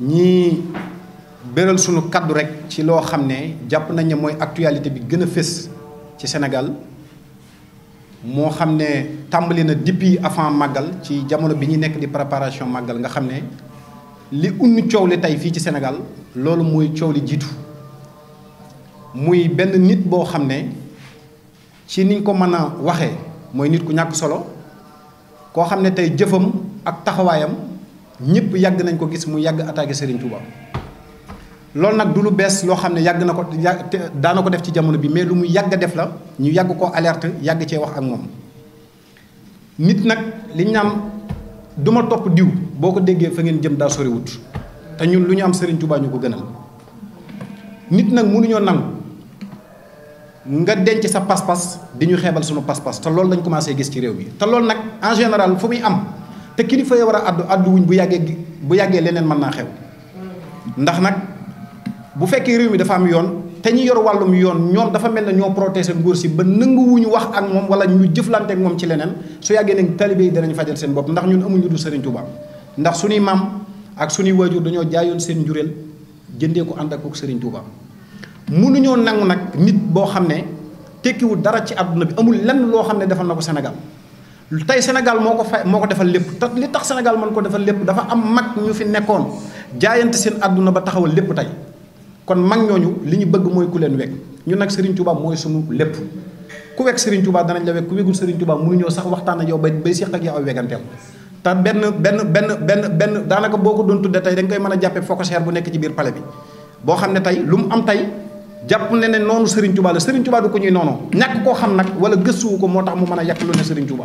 ñi bëral suñu kaddu rek ci loo xam ne jàpp nañ ne mooy actualité bi gën a fés ci Sénégal moo xam ne na depuis avant màggal ci jamono bi ñu nekk di préparation màggal nga xam li unn coow li tey fii ci Sénégal loolu mooy coow li jiitu muy benn nit boo xam ne ci niñ ko mën a waxee mooy nit ku ñàkk solo koo xam ne tey jëfam ak taxawaayam ñepp yàgg nañ ko gis mu yàgg attaquer Serigne Touba lool nak du lu bees lo xamne ne nako na nako def ci jamono bi mais lu mu yàgg def la ñu yàgg ko alerte yàgg ci wax ak mom nit nak li ñam duma top diw boko ko fa ngeen jëm sori wut te ñun lu ñu am Serigne Touba ñu gënal nit mënu nga denc sa pas-pas di ñu xeebal sunu pas-pas te loolu lañ commencé gis ci réew bi té lool nak en général fu muy am te kilifa ya war addu addu wuñ bu yagge bu yagge leneen man na xew ndax nak bu fekke réew mi dafa am yoon te ñi yor walum yoon ñom dafa melni protéger nguur si ba wuñ wax ak mom wala ñu jëflanté ak mom ci leneen su yagge nek talibé yi danañ fajal seen bop ndax ñun amuñu du Serigne Touba ndax suñuy mam ak suni wajur dañoo jaayoon seen jurel jëndé ko and ak ko Serigne Touba ñoo nang nak nit bo xamné tekki wu dara ci aduna bi amul lenn lo xamné defal nako tey Sénégal moo ko fay moo ko defal lépp ta li tax Sénégal mën ko defal lépp dafa am mag ñu fi nekkoon jaayante seen àdduna ba taxawal lépp tey kon mag ñooñu li ñu bëgg mooy ku leen wekk ñun nag Serigne Touba mooy sunu lépp ku wekk Serigne Touba danañ la wekk ku wegul Serigne Touba mënuñoo sax waxtaan ak yow bay bay seq ak yow ay weganteel benn benn benn daanaka boo ko doon tuddee tey dañ koy mën a jàppee fonctionnaire bu nekk ci biir palais boo xam ne tey lu mu am tey jàpp ne ne noonu Serigne Touba la Serigne Touba du ko ñuy noonu ñàkk koo xam nag wala gëstuwu ko moo tax mu mën a yàq lu ne Serigne Touba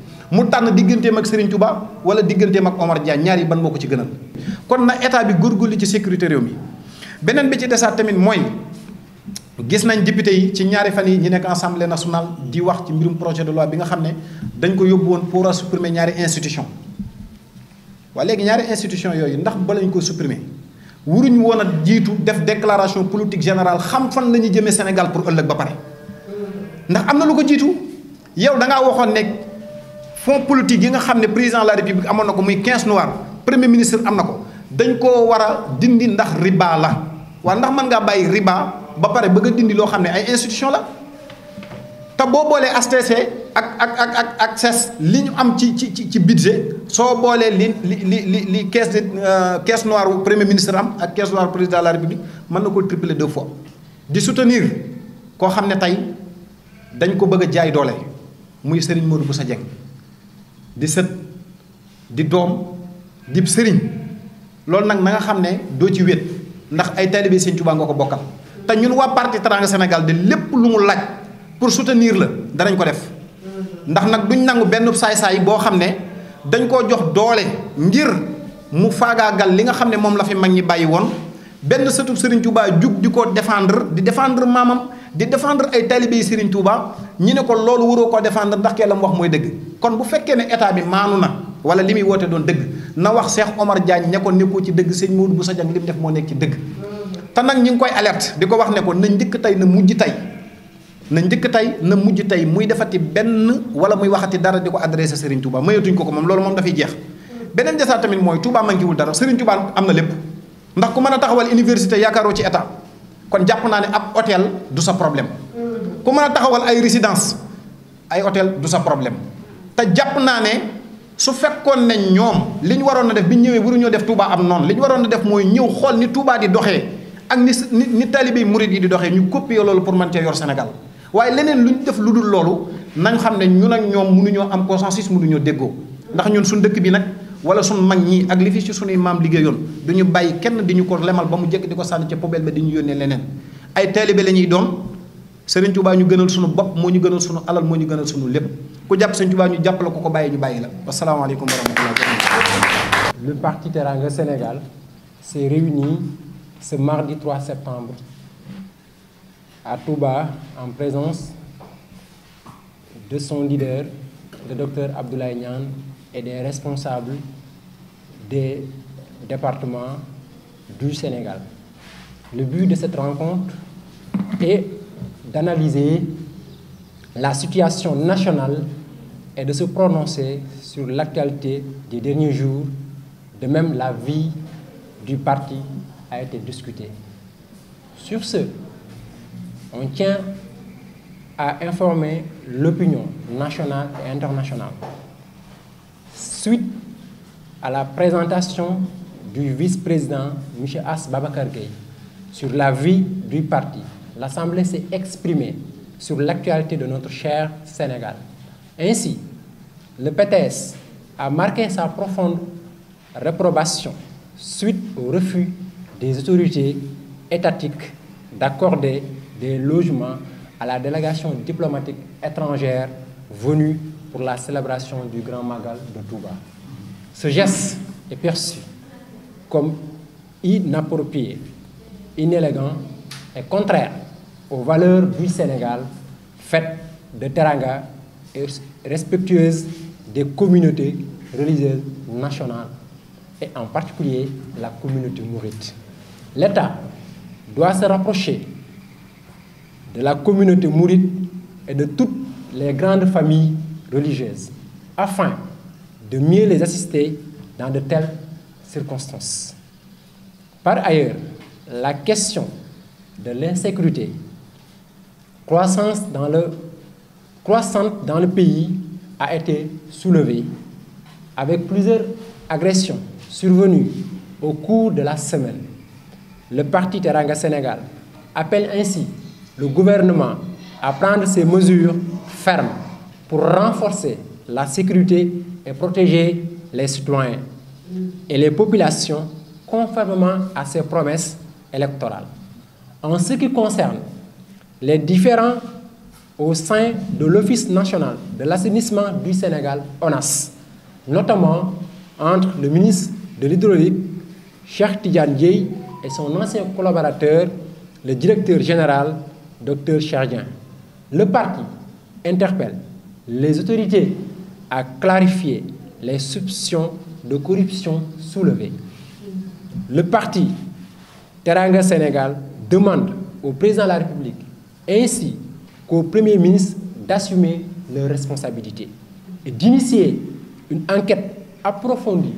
mu tan digganteem ak Serigne Touba wala digganteem ak Omar Dia ñaari ban moko ci gënal kon na état bi góorgóorlu ci sécurité réew mi benen bi ci desaat tamit moy gis nañ député yi ci ñaari fan yi ñi nek assemblée nationale di wax ci mbirum projet de loi bi nga xamné dañ ko yobbu won pour supprimer ñaari institution wa légui ñaari institution yo ndax ba lañ ko supprimer wuruñ wona jitu def déclaration politique générale xam fan lañu jëme Sénégal pour ëlëk ba paré ndax amna lu ko jitu yow da nga waxone fonds politique yi nga xam ne président de la république amoon na ko muy 15 noir premier ministre am na ko dañ koo war a dindi ndax riba la waaw ndax mën ngaa bàyyi riba ba pare bëgg a dindi loo xam ne ay institution la te boo boolee STC ak ak ak ak ak CES li ñu am ci ci ci budget soo boolee li li li li li quest euh, caisse noire premier ministre am ak caisse noire président de la république mën na ko tripler de fois di soutenir koo xam ne tey dañ ko bëgg a jaay doole muy Serigne Modou Boussa Dieng di sët di doom di sëriñ loolu nag na nga xam ne doo ci wét ndax ay taalibe Sëriñ Tuubaa nga ko bokkal te ñun waa parti Teranga Sénégal de lépp lu mu laaj pour soutenir la danañ ko def ndax nag duñ nangu benn saay-saay boo xam ne dañ koo jox doole ngir mu faagaagal li nga xam ne moom la fi mag ñi bàyyi woon benn sëtu Sëriñ Tuubaa jug di ko défendre di défendre maamam di défendre ay talibé yi Serigne Touba ñi ne ko loolu waroo koo défendre ndax kee la mu wax mooy dëgg kon bu fekkee ne état bi maanu na wala li muy wootee doon dëgg na wax Cheikh Omar Diagne ña ko nekkoo ci dëgg sëñ Modou bu sa li mu def moo nekk ci dëgg te nag ñi ngi koy alerte di ko wax ne ko na njëkk tey na mujj tey na njëkk tey na mujj tey muy defati benn wala muy waxati dara di ko adressé Serigne Touba mayatuñ ko ko moom loolu moom dafay jeex beneen desaat tamit mooy Touba manqué wul dara Serigne am na lépp ndax ku mën a taxawal université yaakaaroo ci état kon jàpp naa ne ab hôtel du sa problème ku mën a taxawal ay résidence ay hôtel du sa problème te jàpp naa ne su fekkoon ne ñoom li ñu waroon na def bi ñu ñëwee waruñoo def Touba am noonu li ñu waroon na def mooy ñëw xool ni Touba di doxee ak ni ni ni talibé murid yi di doxee ñu copier loolu pour mën cee yor Sénégal waaye leneen lu ñu def lu dul loolu nañ xam ne ñun ak ñoom mënuñoo am mu consensus mënuñoo déggoo ndax ñun suñu dëkk bi nag. wala sun mag ñi ak li fi ci sunuy maam liggéeyoon du ñu bàyyi kenn diñu ko lemal ba mu jekk di ko sànni ca poubelle ba di ñu yónnee leneen ay taalibe la ñuy doon Sëriñ Tuubaa ñu gënal sunu bopp moo ñu gënal sunu alal moo ñu gënal sunu lépp ku jàpp Sëriñ Tuubaa ñu jàpp la ko ko bàyyi ñu bàyyi la wasalaamaaleykum wa rahmatulah. Le parti Teranga Sénégal s'est réuni ce mardi 3 septembre à Touba en présence de son leader, le docteur Abdoulaye Niane et des responsables des départements du Sénégal. Le but de cette rencontre est d'analyser la situation nationale et de se prononcer sur l'actualité des derniers jours. De même, la vie du parti a été discutée. Sur ce, on tient à informer l'opinion nationale et internationale suite à la présentation du vice-président Michel As Babacar Gueye sur vie du parti, l'Assemblée s'est exprimée sur l'actualité de notre cher Sénégal. Ainsi, le PTS a marqué sa profonde réprobation suite au refus des autorités étatiques d'accorder des logements à la délégation diplomatique étrangère venue pour la célébration du Grand Magal de Touba. Ce geste est perçu comme inapproprié, inélégant et contraire aux valeurs du Sénégal, faites de teranga et respectueuses des communautés religieuses nationales et en particulier la communauté mourite. L'État doit se rapprocher de la communauté mourite et de toutes les grandes familles religieuses, afin de mieux les assister dans de telles circonstances. Par ailleurs, la question de l'insécurité croissance dans le, croissante dans le pays a été soulevée avec plusieurs agressions survenues au cours de la semaine. Le parti Teranga Sénégal appelle ainsi le gouvernement à prendre ses mesures fermes pour renforcer la sécurité et protéger les citoyens et les populations conformément à ses promesses électorales. En ce qui concerne les différents au sein de l'Office national de l'assainissement du Sénégal, ONAS, notamment entre le ministre de l'hydraulique, Cheikh Tidjan et son ancien collaborateur, le directeur général, Dr Chardien. Le parti interpelle les autorités à clarifier les soupçons de corruption soulevés. Le parti Teranga Sénégal demande au président de la République ainsi qu'au Premier ministre d'assumer leurs responsabilités et d'initier une enquête approfondie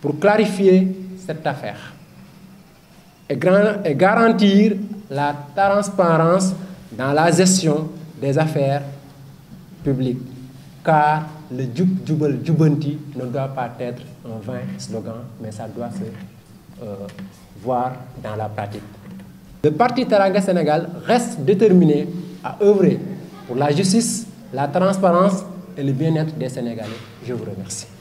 pour clarifier cette affaire et garantir la transparence dans la gestion des affaires car le djub, ne doit pas être un vain slogan, mais ça doit se euh, voir dans la pratique. Le Parti Taranga Sénégal reste déterminé à œuvrer pour la justice, la transparence et le bien-être des Sénégalais. Je vous remercie.